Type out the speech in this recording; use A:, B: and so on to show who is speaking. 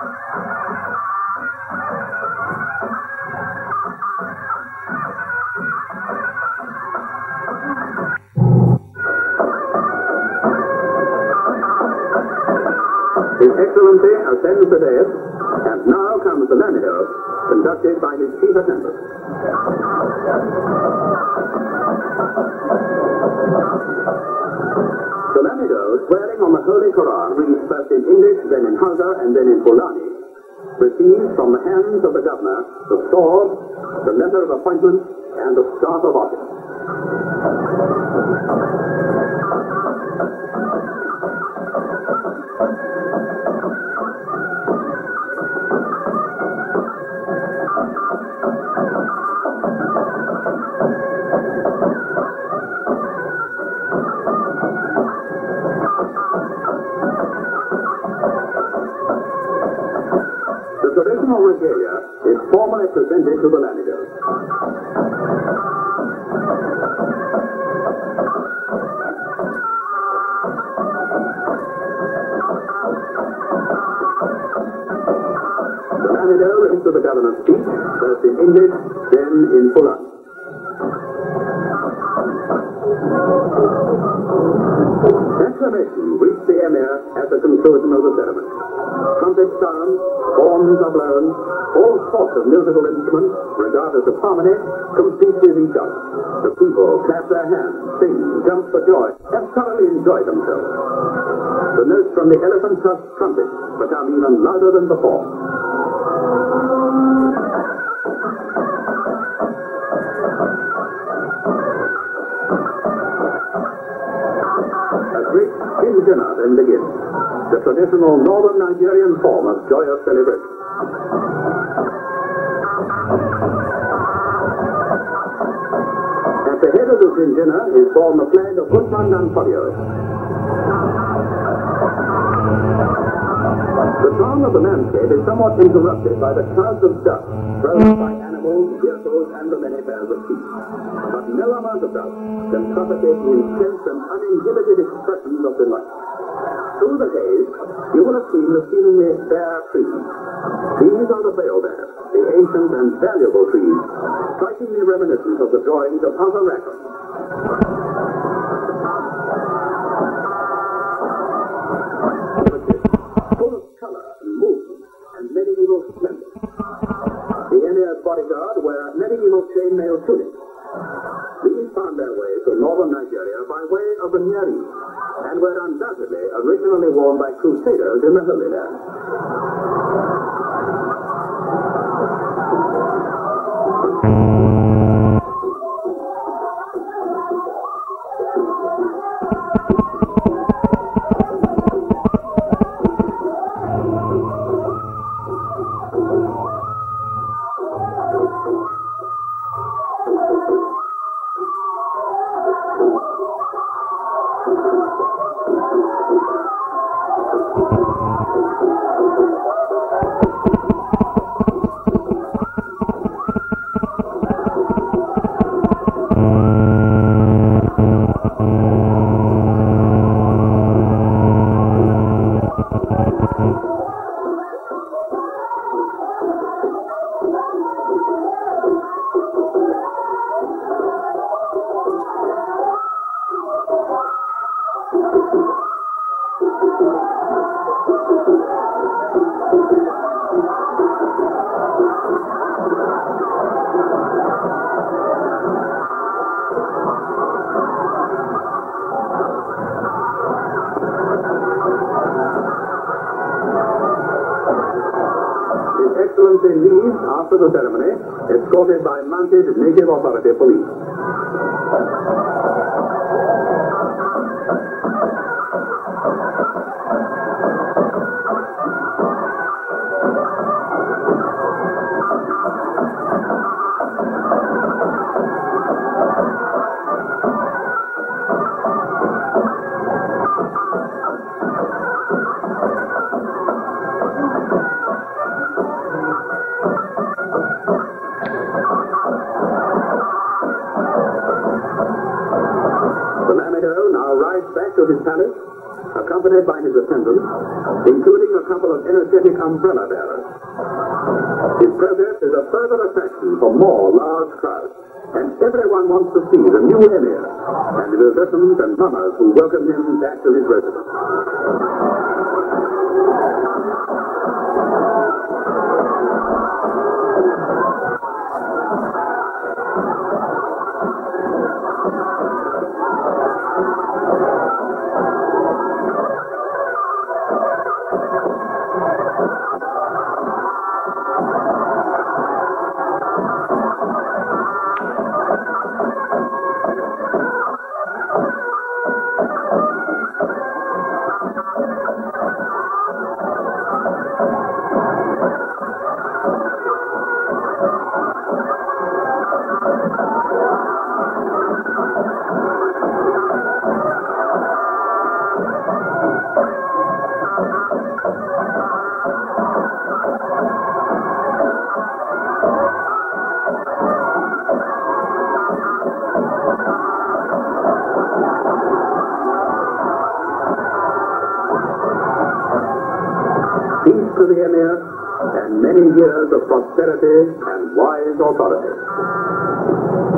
A: His Excellency ascends the dais, and now comes the Lamio, conducted by his chief attendant. Quran, which first in English, then in Hausa, and then in Fulani, receives from the hands of the governor the sword, the letter of appointment, and the staff of office. National Regalia is formally presented to the Lanigers. The Laniger into the governor's speech, first in English, then in Fulham. Acclamation reached the Emir at the conclusion of the ceremony. Trumpets sound, forms are blown, all sorts of musical instruments, regarded as harmony, compete with each other. The people clap their hands, sing, jump for joy, and thoroughly enjoy themselves. The notes from the elephant tusk trumpet become even louder than before. A great dinner then begins the traditional northern Nigerian form of joyous celebration. At the head of this dinner is borne the flag of Guzman and The sound of the landscape is somewhat interrupted by the clouds of dust thrown by Old their and the many pairs of feet. But no amount of doubt can suffocate the intense and uninhibited expressions of delight. Through the haze, you will have seen the seemingly bare trees. These are the baobabs, the ancient and valuable trees, strikingly reminiscent of the drawings of Hunter Rackham. adding chainmail to These found their way to northern Nigeria by way of the Nyeri, and were undoubtedly originally worn by crusaders in the Holy Land.
B: Thank you.
A: leaves after the ceremony, escorted by mounted native authority police. back to his palace, accompanied by his attendants, including a couple of energetic umbrella bearers. His presence is a further attraction for more large crowds, and everyone wants to see the new emir and the musicians and mummers who welcome him back to his residence.
B: to the emir, and many years of prosperity and wise authority.